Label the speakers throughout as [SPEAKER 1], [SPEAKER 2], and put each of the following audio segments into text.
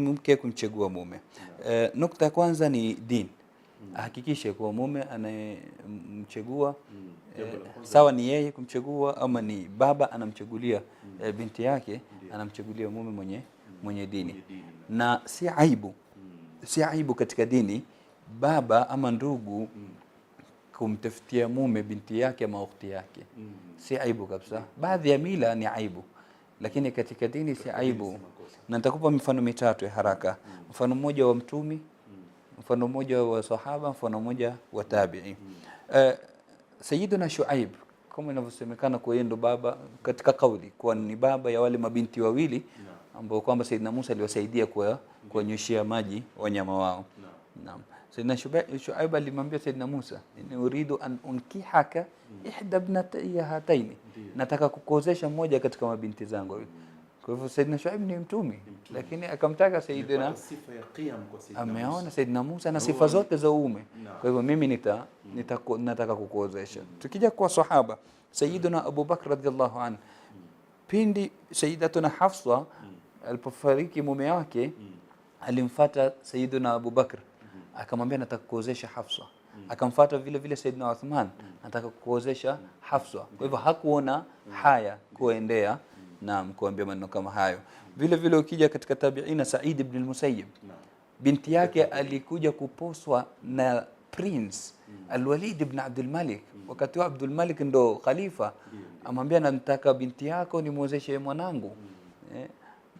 [SPEAKER 1] mke kumchagua mume yeah. Uh, nukta ya kwanza ni dini mm. Ahakikishe kuwa mume anayemchagua mm. Uh, sawa ni yeye kumchagua ama ni baba anamchagulia mm. uh, binti yake yeah. Anamchagulia mume mwenye, mm. mwenye dini, mwenye dini na si aibu mm. si aibu katika dini baba ama ndugu mm. kumtafutia mume binti yake ama ukhti yake mm. si aibu kabisa. Mm. Baadhi ya mila ni aibu lakini katika dini si aibu, na nitakupa mifano mitatu ya haraka. Mm. Mfano mmoja wa mtumi, mm. mfano mmoja wa sahaba, mfano mmoja wa tabi'i. Uh, Sayyiduna Shuaib kama inavyosemekana kuwa yeye ndo baba katika kauli kuwa ni baba ya wale mabinti wawili ambao kwamba Saidina Musa aliwasaidia kuwanyweshea maji wanyama wao. Naam. Saidina Shuaib alimwambia Saidina Musa, ni uridu an unkihaka ihda ibnatayya hataini, nataka kukuozesha mmoja katika mabinti zangu. Kwa hivyo Saidina Shuaib ni mtumi, lakini akamtaka Saidina,
[SPEAKER 2] ameona Saidina Musa
[SPEAKER 1] na sifa zote za uume. Kwa hivyo mimi nita, nita nataka kukuozesha. Tukija kwa sahaba Sayyiduna Abu Bakr radhiallahu an, pindi Sayyidatuna Hafsa alipofariki mume wake, alimfata Sayyiduna Abu Bakr akamwambia nataka kuozesha Hafsa mm. akamfuata vile vile Saidna Uthman mm. nataka kuozesha mm. Hafsa kwa hivyo hakuona mm. haya kuendea mm. naam kuambia maneno kama hayo mm. vile vile ukija katika tabiina Said ibn al-Musayyib binti yake alikuja kuposwa na Prince mm. Al-Walid ibn Abdul Malik mm. wakati wa Abdul Malik ndo khalifa yeah. amwambia nataka binti yako nimwozeshe mwanangu mm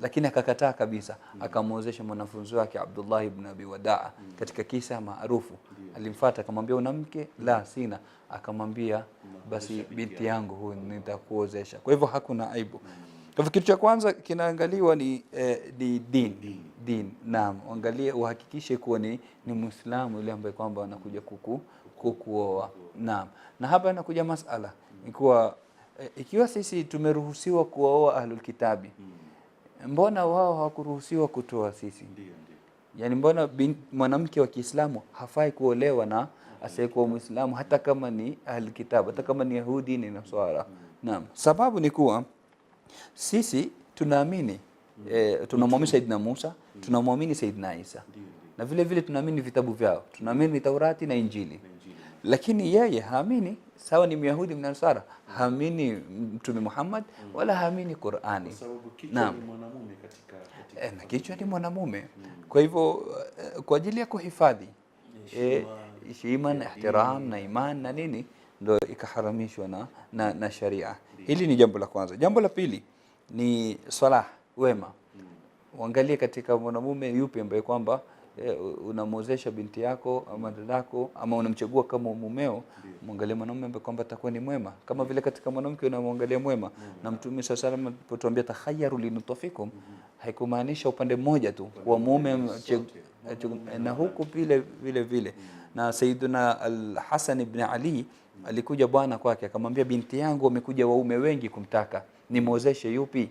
[SPEAKER 1] lakini akakataa kabisa, akamwozesha mwanafunzi wake Abdullah ibn Abi Wadaa katika kisa maarufu. Alimfuata akamwambia, una mke? La, sina. Akamwambia, basi binti yangu huyu nitakuozesha. Kwa hivyo hakuna aibu. Kwa hivyo kitu cha kwanza kinaangaliwa ni eh, ni Din. Din. Naam, angalie uhakikishe kuwa ni ni Muislamu yule ambaye kwamba anakuja kuku kukuoa. Naam, na hapa inakuja masala ni kuwa eh, ikiwa sisi tumeruhusiwa kuoa ahlul kitabi hmm mbona wao hawakuruhusiwa kutoa sisi? Yani mbona mwanamke wa Kiislamu hafai kuolewa na asiyekuwa Muislamu, hata kama ni Ahlulkitabu, hata kama ni Yahudi ni Naswara? Hmm. Naam, sababu ni kuwa sisi tunaamini hmm. eh, tunamwamini Saidina Musa, hmm. tunamwamini Saidina Isa na vile vile tunaamini vitabu vyao, tunaamini Taurati na Injili, lakini yeye haamini sawa ni Myahudi Nasara, haamini Mtume Muhammad wala haamini Qurani eh, na kichwa ni mwanamume. Hmm. Kwa hivyo eh, kwa ajili ya kuhifadhi heshima eh, na ihtiram na iman na nini, ndo ikaharamishwa na, na, na sharia. Hili ni jambo la kwanza. Jambo la pili ni salah, wema. Hmm. Uangalie katika mwanamume yupi ambaye kwamba Eh, unamwozesha binti yako ama dadako ama unamchagua kama mumeo, mwangalie mwanamume ambaye kwamba atakuwa ni mwema kama vile katika mwanamke unamwangalia mwema. Na Mtume swalla sallam alipotuambia takhayyaru linutafikum, mm-hmm. haikumaanisha upande mmoja tu kwa mume eh, na huku vile vile vile. Mm-hmm. Na Sayyiduna Al-Hasan ibn Ali mm-hmm. alikuja bwana kwake akamwambia, binti yangu wamekuja waume wengi kumtaka, nimwozeshe yupi?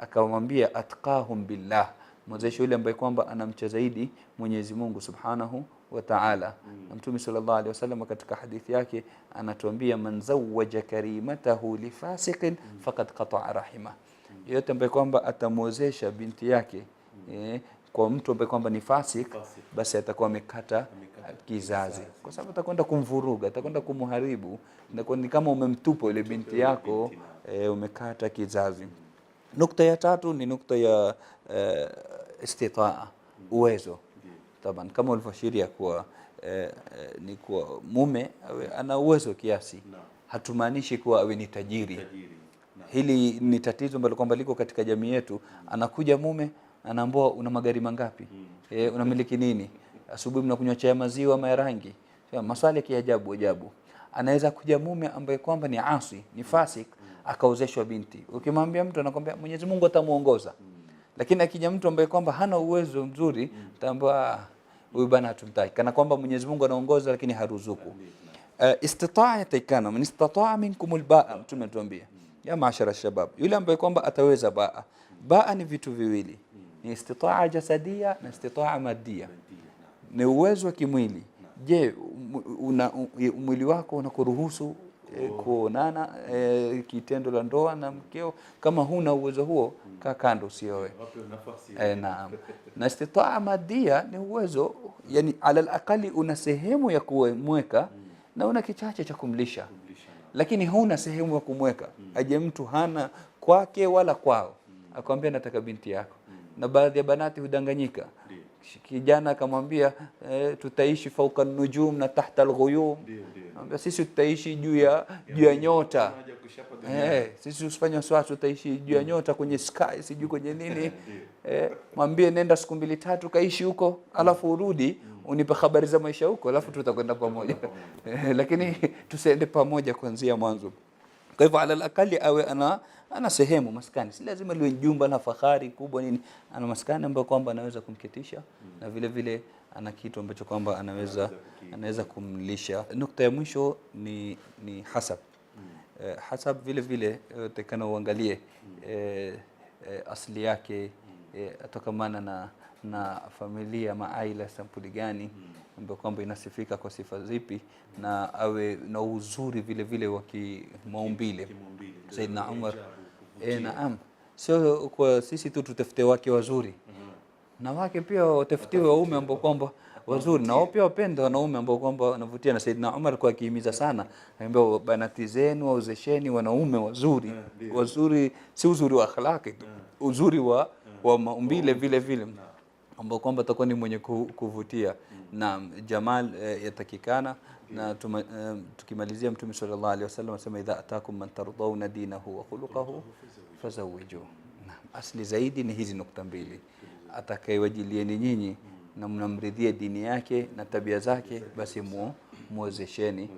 [SPEAKER 1] Akamwambia atqahum billah mwezeshe yule ambaye kwamba anamcha zaidi Mwenyezi Mungu Subhanahu wa Ta'ala. Mm. Na Mtume sallallahu alaihi wasallam katika hadithi yake anatuambia, man zawwaja karimatahu lifasiqin mm. faqad qata'a rahima, mm. yeyote ambaye kwamba atamwezesha binti yake eh, kwa mtu ambaye kwamba ni fasik, basi atakuwa amekata kizazi, kwa sababu atakwenda kumvuruga, atakwenda kumharibu, na kwa ni kama umemtupa ile binti yako, eh, umekata kizazi. Nukta ya tatu ni nukta ya eh, istitaa uwezo. Taban kama ulivyoashiria kuwa eh, eh, ni kuwa mume awe ana uwezo kiasi, hatumaanishi kuwa awe ni tajiri. Hili ni tatizo ambalo kwamba liko katika jamii yetu. Anakuja mume anaambua, una magari mangapi? E, unamiliki nini? Asubuhi mnakunywa chai ya maziwa ama ya rangi? Maswali ya kiajabu ajabu. Anaweza kuja mume ambaye kwamba ni asi, ni fasik, hmm. akaozeshwa binti. Ukimwambia mtu anakwambia Mwenyezi Mungu atamuongoza. Hmm. Lakini akija mtu ambaye kwamba hana uwezo mzuri mm. tamba huyu bana hatumtaki, kana kwamba Mwenyezi Mungu anaongoza lakini haruzuku. Uh, istitaa yataikana man istataa minkum baa, mtume anatuambia ya maashara shabab, yule ambaye kwamba ataweza baa. Baa ni vitu viwili, ni istitaa jasadia na istitaa madia, ni uwezo wa kimwili. Je, una, mwili wako unakuruhusu Eh, oh. kuonana e, kitendo la ndoa na mkeo. Kama huna uwezo huo, mm. kaa kando usioe. E, naam. Na istitaa madia ni uwezo, yani alal aqali una sehemu ya kumweka mm. na una kichache cha kumlisha, lakini huna sehemu ya kumweka. Mm. Aje mtu hana kwake wala kwao, akwambia nataka binti yako, na baadhi ya banati hudanganyika kijana akamwambia, e, tutaishi fauka nujum na tahta alghuyum. Anambia sisi tutaishi juu ya juu ya nyota. Eh, sisi usifanye wasiwasi tutaishi juu ya mm. nyota kwenye sky sijui kwenye nini. Eh, mwambie nenda siku mbili tatu kaishi huko alafu urudi mm. unipe habari za maisha huko alafu tutakwenda pamoja. Eh, lakini tusiende pamoja kuanzia mwanzo. Kwa hivyo ala alakali awe ana ana sehemu maskani, si lazima liwe jumba la fahari kubwa nini, ana maskani ambayo kwamba anaweza kumketisha mm. na vile vile ana kitu ambacho kwamba anaweza, anaweza kumlisha. Nukta ya mwisho ni, ni hasab hmm. eh, hasab vile vile eh, tekana uangalie hmm. eh, eh, asili yake hmm. eh, atokamana na, na familia maaila sampuli gani ambayo kwamba inasifika kwa sifa zipi na awe na uzuri vile vile wa kimaumbile Saidna Umar. Eh, naam, sio kwa sisi tu tutafute wake wazuri mm na wake pia watafutiwe waume ambao kwamba wazuri na wao pia wapende wanaume ambao kwamba wanavutia. Na Saidina Umar kwa akihimiza sana, anambia banati zenu waozesheni wanaume wazuri wazuri, si uzuri wa akhlaki tu, uzuri wa wa maumbile oh. vile vile ambao kwamba atakuwa ni mwenye kuvutia mm. na jamal eh, yatakikana na tuma, eh, tukimalizia Mtume sallallahu alaihi wasallam asema idha atakum man tardawna dinahu wa khuluquhu fazawijuhu. Asli zaidi ni hizi nukta mbili atakayewajilieni nyinyi na mnamridhia dini yake na tabia zake, basi muozesheni.